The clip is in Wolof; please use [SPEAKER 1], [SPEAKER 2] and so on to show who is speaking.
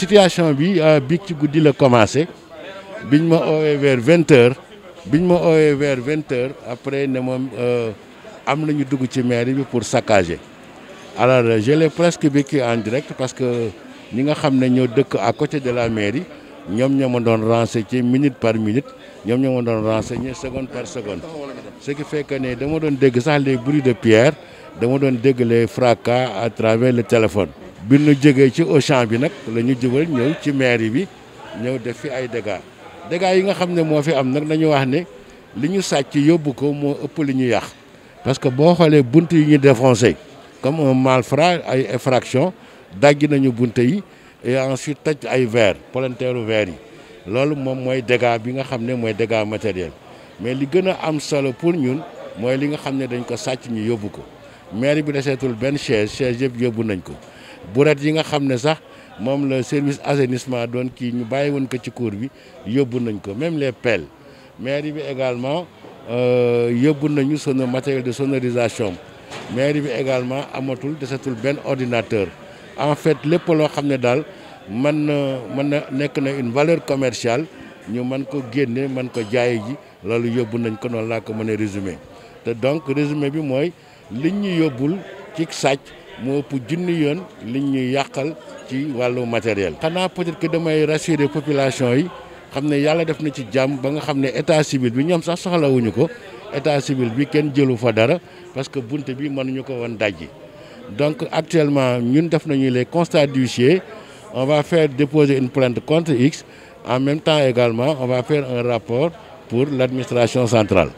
[SPEAKER 1] situation bi euh, bi ci goudi la commencé biñ ma vers 20h, biñ ma vers 20h après ne euh, am nañu dugg ci mairie pour saccager alors euh, je l'ai presque vécu en direct parce que nous nga xamné ñoo à côté de la mairie ñom avons renseigné minute par minute ñom avons renseigné seconde par seconde ce qui fait que né dama don dégg les bruits de pierre dama don dégg les fracas à travers le téléphone bi nu jógee ci Auchan bi nag la ñu jógal ñëw ci mairie bi ñëw def fi ay dégâts dégâts yi nga xam ne moo fi am nag nañu wax ne li ñu sàcc yóbbu ko moo ëpp li ñu yàq parce que boo xoolee bunt yi ñu défoncé comme un ay effraction dajji nañu bunte yi et ensuite taj ay verre palanteeru verre yi loolu moom mooy dégâts bi nga xam ne mooy dégâts matériel mais li gën a am solo pour ñun mooy li nga xam ne dañ ko sàcc ñu yóbbu ko mairie bi deseetul benn chaise chaise yëpp yóbbu nañ ko buret yi nga xam ne sax moom la service assainissement doon kii ñu bàyyi woon ko ci cour bi yóbbu nañ ko même les pelles mairie bi également euh, yóbbu nañu sono matériel de sonorisation mairie bi également amatul desatul benn ordinateur en fait lépp loo xam ne daal man na mën na nekk na une valeur commerciale ñu mën ko génne mën ko jaay ji loolu yóbbu nañ ko noonu laa ko mën a résumé te donc résumé bi mooy liñ ñu yóbbul ci sàcc moo ëpp junni yoon li ñuy yàqal ci wàllu matériel. xanaa peut-être que damay rassurer population yi xam ne yàlla def na ci jàmm ba nga xam ne état civil bi ñoom sax soxlawuñu ko état civil bi kenn jëlu fa dara parce que bunte bi mënuñu ko woon dajji donc actuellement ñun def nañu les constats d'huissier on va faire déposer une plainte contre X en même temps également on va faire un rapport pour l'administration centrale